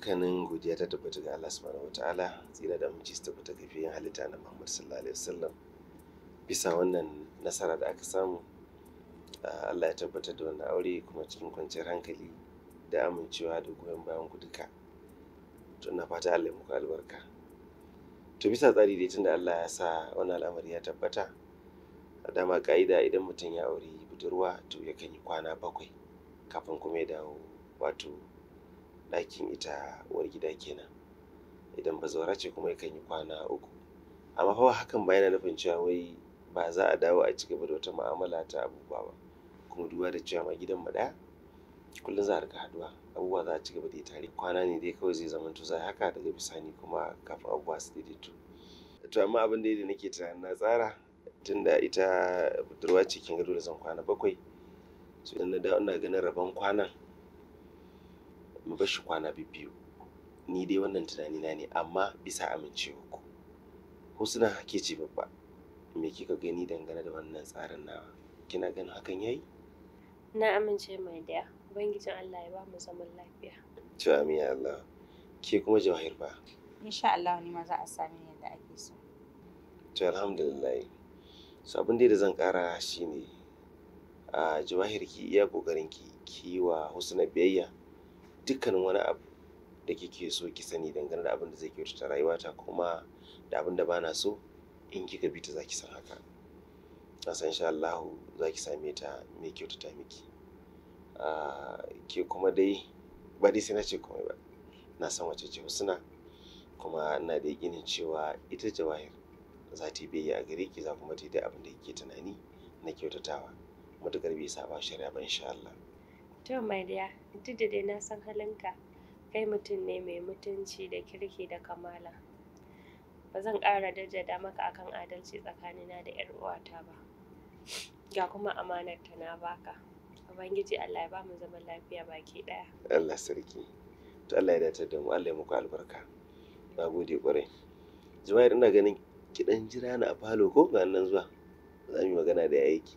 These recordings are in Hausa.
dukkanin godiya ta tabbata ga Allah subhanahu wataala tsira da ci su tabbata ga fiyin halitta na Muhammad sallallahu alaihi wasallam bisa wannan nasara da aka samu Allah ya tabbatar da wannan aure kuma cikin kwanciyar hankali da amincewa da goyon bayan ku duka to ina fata Allah ya muku albarka to bisa tsari dai tunda Allah ya sa wannan al'amari ya tabbata a dama ka'ida idan mutum ya auri budurwa to yakan yi kwana bakwai kafin kuma ya dawo wato ɗakin ita uwar gida kenan idan bazawara ce kuma yakan yi kwana uku amma fa hakan ba yana nufin cewa wai ba za a dawo a cigaba da wata mu'amala ta abubuwa ba kuma duba da cewa ma gidan mu ɗaya kullum za a rika haduwa abubuwa za a cigaba da tare kwana ne dai kawai zai zama to za haka daga bisani kuma kafin abubuwa su daidaito to amma abin da nake tunanin na tsara tunda ita budurwa ce kin gado da zan kwana bakwai so idan na dawo ina ganin rabon kwanan mu bar shi kwana biyu ni dai wannan tunani na ne amma bisa amincewa ku suna hake ce babba me kika gani dangane da wannan tsarin nawa kina ganin hakan yayi na amince mai daya ubangijin Allah ya ba mu zaman lafiya to amin Allah ke kuma jawahir ba insha Allah ni ma za a sami yadda ake so to alhamdulillah so abin da zan kara shine a ah, jawahir ki iya kokarin ki kiwa husna biyayya dukkan wani abu da kike so ki sani dangane da abin da zai kyautata rayuwata kuma da abin da bana so in kika bi ta zaki san haka na san insha Allah zaki same ta me kyautata miki ah, ke kuma dai ba dai sai na ce komai ba na san wace ce husna kuma ina da yakinin cewa ita jawahir za ta yi a gare ki za kuma ta yi abin da kike tunani na kyautatawa matukar bai saba shari'a ba insha Allah To mai dear, duk da dai na san halinka, kai mutum ne mai mutunci da kirki da kamala. Ba zan ƙara jaddada maka akan adalci tsakanina da 'yar uwata ba. Ga kuma amanar ta na baka. Ubangiji Allah ya ba mu zaman lafiya baki ɗaya. Allah sarki. To Allah ya dace da mu, Allah ya muku albarka. Na gode ƙwarai. Jima'ir ina ganin ki ɗan jira ni a falo ko ga nan zuwa. Za mu yi magana da yayi ki.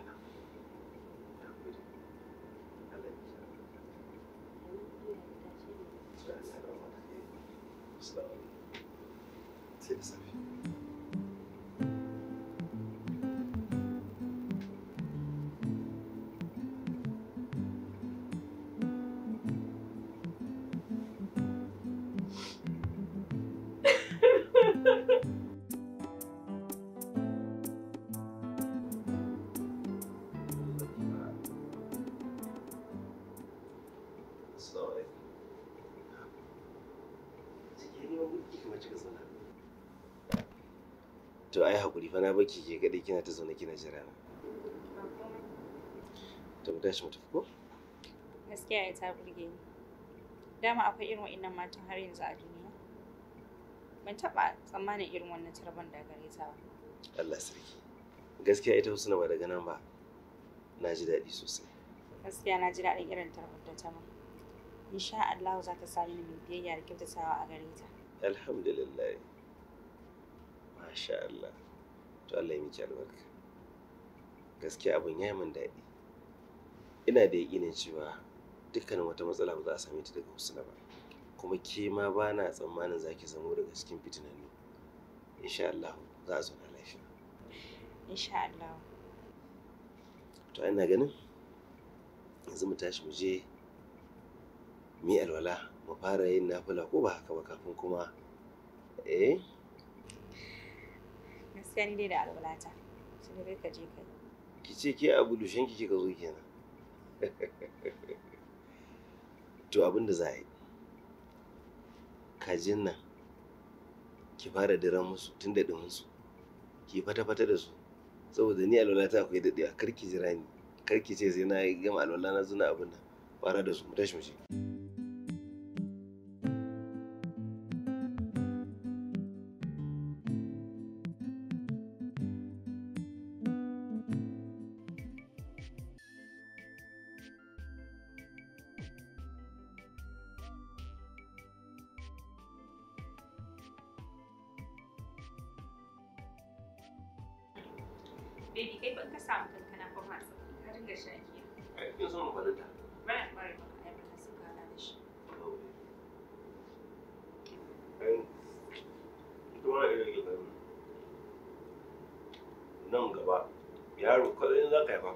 to ai hakuri fa na baki ke kaɗai kina ta zaune kina jira na to mu shi mu ko gaskiya ya ta burge ni dama akwai irin wa'annan matan har yanzu a duniya ban taɓa tsammanin irin wannan tarban da gare ta ba Allah sarki gaskiya ita Husna ba daga nan ba na ji daɗi sosai gaskiya na ji daɗin irin tarbar da ta ma insha Allah za ta sami ni mai biyayya da kyautatawa a gare ta alhamdulillah masha Allah to Allah ya miki albarka gaskiya abun ya yi min daɗi ina da yaƙinin cewa dukkanin wata matsala ba za a same ta daga Husna ba kuma ke ma ba na tsammanin za ki zamo daga cikin fitinannu insha Allah za a zauna lafiya insha Allah to ina ganin yanzu mu tashi mu je mu yi alwala mu fara yin nafila ko ba haka ba kafin kuma eh gaskiya dai da alwalata sai dai ka je kai ki ce ke a budushin ki kika zo kenan to abin da za a yi kajin nan ki fara dira musu tun da su ki fata-fata da su saboda ni alwalata akwai daɗewa kar ki jira ni kar ki ce sai na gama alwala na zuna abin nan fara da su mu tashi mu je. yaro kawai za haifa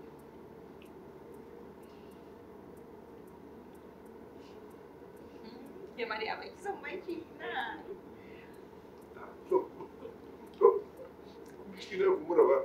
ke Maryam ki san maki na. To, to, shi ne ba.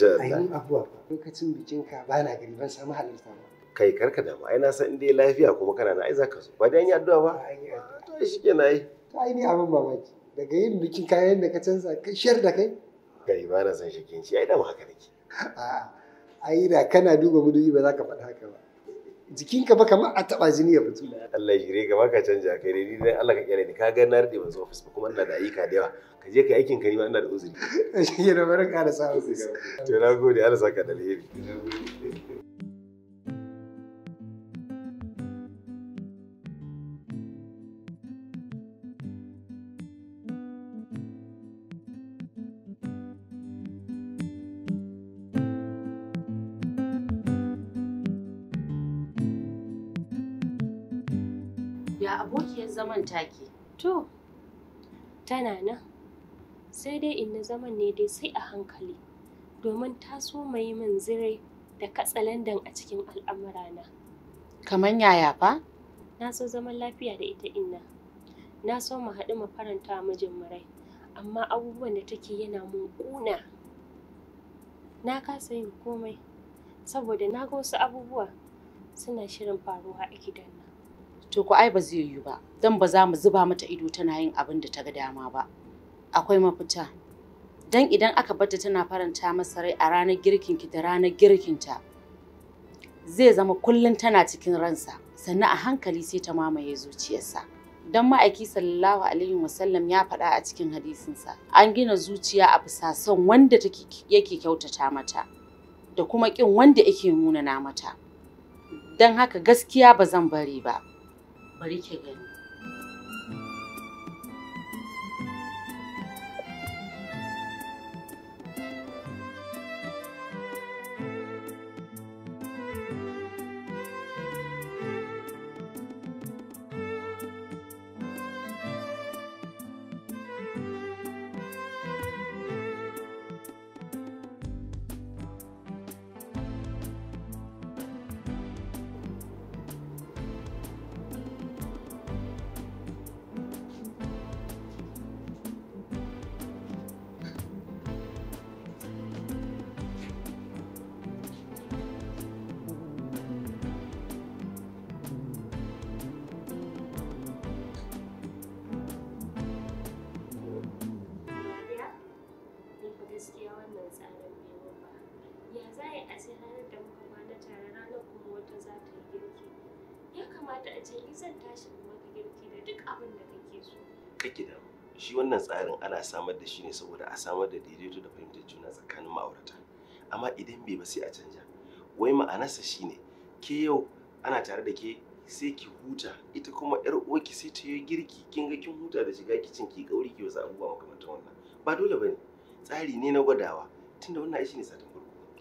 Masha Allah. Ayin abuwa lokacin bikin ka ba na gari ban samu halarta ba. Kai karka da ai na san dai lafiya kuma kana na ai za ka zo. Ba dai an yi addu'a ba? Ah, to shi ke na yi. Ta ai ni abin mamaki. Daga yin bikin kayan da ka canza ka shiyar da kai. Kai ba na san shi kin shi ai da ma haka nake. A'a ai da kana duba mudubi ba za ka faɗi haka ba. jikinka ba kamar a taba jini ya fito Allah shi shirye gaba ka canja kai ni dai Allah ka kyale ni ka ga na rade ban office ba kuma ina da ayyuka da yawa ka je ka aikin ka ni ma ina da uzuri shi ne bari ka da sa'a to na gode Allah saka da alheri Ya abokiyar zaman take? To, tana nan. Sai dai inna zaman ne dai sai a hankali, domin ta so mai min zirai da katsalandan a cikin al'amurana. Kaman yaya fa? Na so zaman lafiya da ita inna. Na so mu haɗu mu faranta mijin murai, amma abubuwan da take yana mun ƙuna. Na kasa yin komai, saboda na ga wasu abubuwa suna shirin faruwa a gidan nan. To ku ai ba zai yiwu ba, dan ba za mu zuba mata ido tana yin abin da ta ga dama ba. Akwai mafita. dan idan aka bata tana faranta masa rai a ranar girkin ki da ranar girkin ta zai zama kullum tana cikin ransa, sannan a hankali sai ta mamaye zuciyarsa. dan ma'aiki sallallahu alaihi wasallam ya faɗa a cikin hadisinsa, an gina zuciya a bisa son wanda yake kyautata mata. da kuma ƙin wanda yake nuna na mata. dan haka gaskiya ba zan bari ba. परिचय है a ce ranar da muka kwana tare ranar kuma wata za ta yi girki ya kamata a ce ni zan tashi in maka girki da duk abin da kake so kake da shi wannan tsarin ana samar da shi ne saboda a samar da daidaito da fahimtar juna tsakanin ma'aurata amma idan bai ba sai a canja wai ma'anarsa shi ne ke yau ana tare da ke sai ki huta ita kuma yar uwarki sai ta yi girki kin ga kin huta da shiga kicin ki kauri ki wasu abubuwa makamantar wannan ba dole bane tsari ne na gwadawa tunda wannan ai ne sata.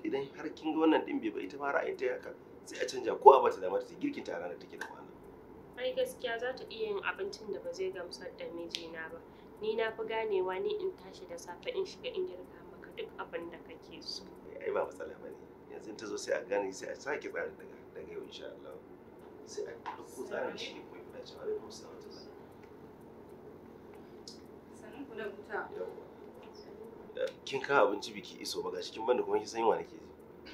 idan har kin ga wannan din bai ba ita ma aita haka sai a canja ko a bata da mata ta girkin ta ranar take da kwana ai gaskiya za ta iya yin abincin da ba zai gamsar da mijina ba ni na fi ganewa ni in tashi da safe in shiga in girka maka duk abin da kake so ai ba matsala bane yanzu ta zo sai a gane sai a sake tsarin daga daga yau insha Allah sai a duk tsarin shi ne ko ya ba zai musa wata ba sanin ku da kin kawo abinci biki iso ba gashi kin banda kuma kin san yunwa nake ji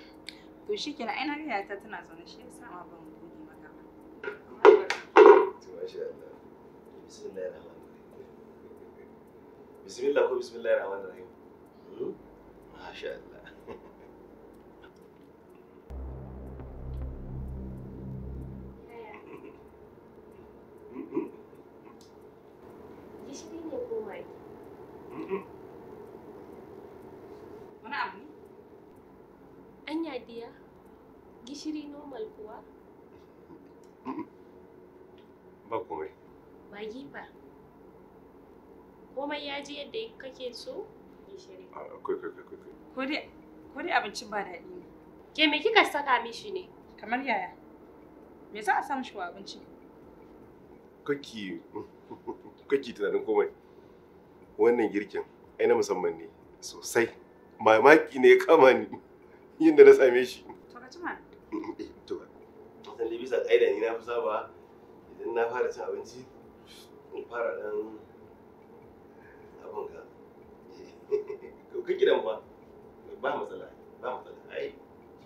to shikenan ai na ga yata tana zaune shi yasa ma ban gode maka ba to masha Allah bismillahir rahmanir rahim bismillah ko bismillahir rahmanir rahim hmm? masha Allah Sadiya, gishiri normal kuwa? Ba komai. Magi ba. Komai ya ji yadda kake so? Gishiri. Akwai kai kai kai. Ko dai ko dai abincin ba daɗi ne. Ke me kika saka mishi ne? Kamar yaya? Me za a samu shi wa abinci? Kaki kaki tunanin komai. Wannan girkin ai na musamman ne sosai. Mamaki ne ya kama ni. yin da na same shi to ka jima to san da bisa ƙaida ni na fi saba idan na fara cin abinci in fara dan abin ka ka gidan ba ba matsala ba matsala ai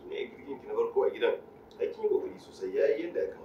ne girkin ki na farko a gidan ai kin yi kokari sosai yayi yadda ya kamata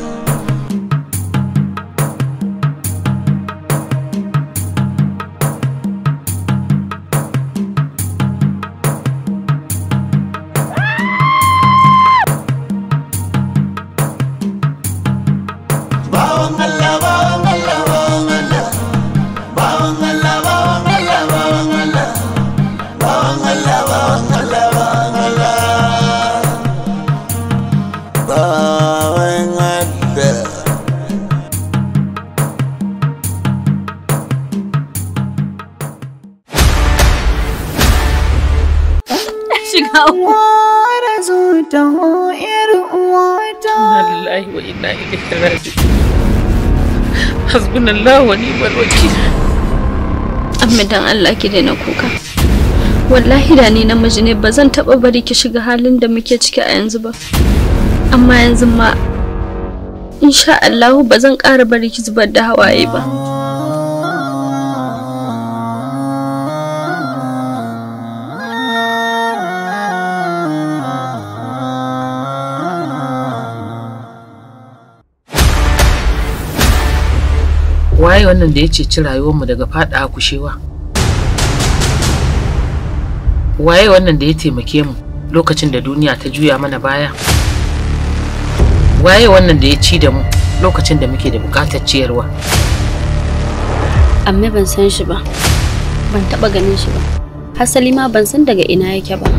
bell. Wallahi Amma dan Allah ki daina kuka. Wallahi da ni namiji ne ba zan taɓa bari ki shiga halin da muke ciki a yanzu ba. Amma yanzu ma insha Allahu ba zan ƙara bari ki zubar da hawaye ba waye wannan da ya ceci rayuwarmu daga faɗa kushewa waye wannan da ya taimake mu lokacin da duniya ta juya mana baya waye wannan da ya ci da mu lokacin da muke da bukatar ciyarwa amma ban san shi ba ban taba ganin shi ba hasali ma ban san daga ina yake ba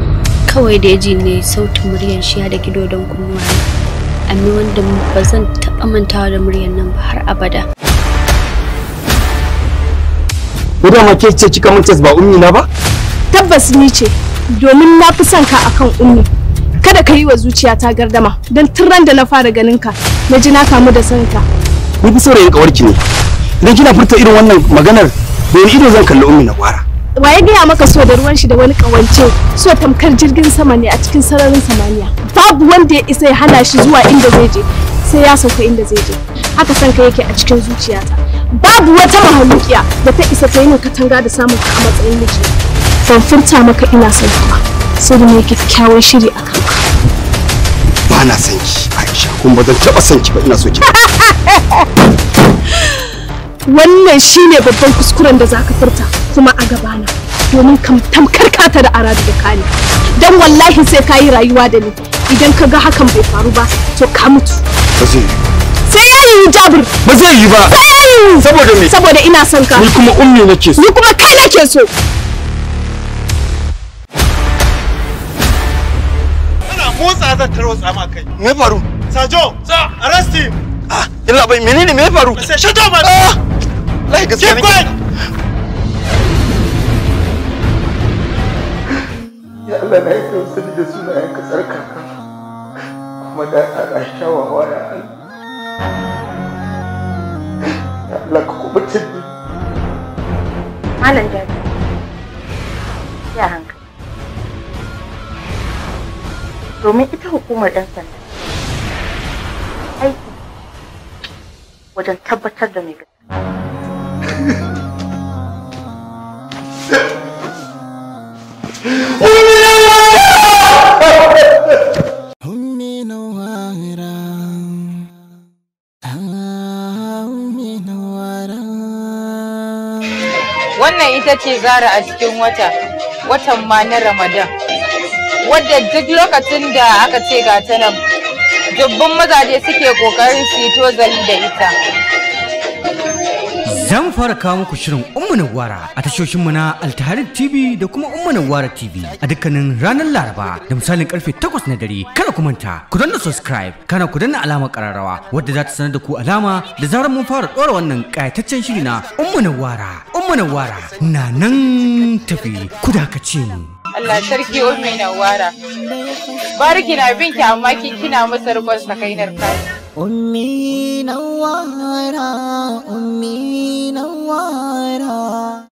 kawai da ji ne sautin muryar shi ya da gido don kunnuwa amma wanda ba zan taba mantawa da muryar nan ba har abada Gudan ma ke ce cika mun ba ummi na ba? Tabbas ni ce, domin na fi son ka akan ummi. kada ka yi wa zuciya ta gardama don turan da na fara ganin ka na ji na kamu da san ka ni fi saurayin kawarki ne idan kina furta irin wannan maganar da ido zan kalli ummi na gwara waye gaya maka so da ruwan shi da wani kawance so tamkar jirgin sama ne a cikin sararin samaniya babu wanda ya isa ya hana shi zuwa inda zai je sai ya sauka inda zai je haka san ka yake a cikin zuciyata babu wata mahalukiya da ta isa ta yi min katanga da samun ka a matsayin miji ban furta maka ina son ka sai mai kyakkyawan shiri a kan ba na son ki aisha kuma ba zan taba son ki ba ina so ki wannan shine babban kuskuren da zaka furta kuma a gabana domin kam tamkar kata da aradu da kani dan wallahi sai ka yi rayuwa da ni idan ka ga hakan bai faru ba to ka mutu ba zai yi sai ya yi jabir ba zai yi ba saboda me saboda ina son ka ni kuma ummi nake so ni kuma kai nake so tarwatsa zan tarwatsa ma kai me faru sajo sa arrest him ah illa bai menene me faru sai ah! lai gaskiya ne ya Allah na yi tausar da kuma da a ya Allah ka Malam domin ita hukumar 'yan sanda aiki wajen tabbatar da mai Wannan ita ce Zara a cikin wata, watan ma na Ramadan. wadda duk lokacin da aka ce ga ta dubbin mazaje suke kokarin to zali da ita zan fara kawo muku shirin umma nawara a tashoshinmu na altaharin tv da kuma umma tv a dukkanin ranar laraba da misalin karfe 8 na dare kada ku manta ku danna subscribe kana ku danna alamar kararrawa wadda za ta sanar da ku alama da zarar mun fara ɗora wannan ƙayataccen shiri na umma nawara umma na nan tafi ku ce mu Allah sarki ummi nawara bariki na binki amma kin kina masa rubar sakainar kai ummi nawara ummi nawara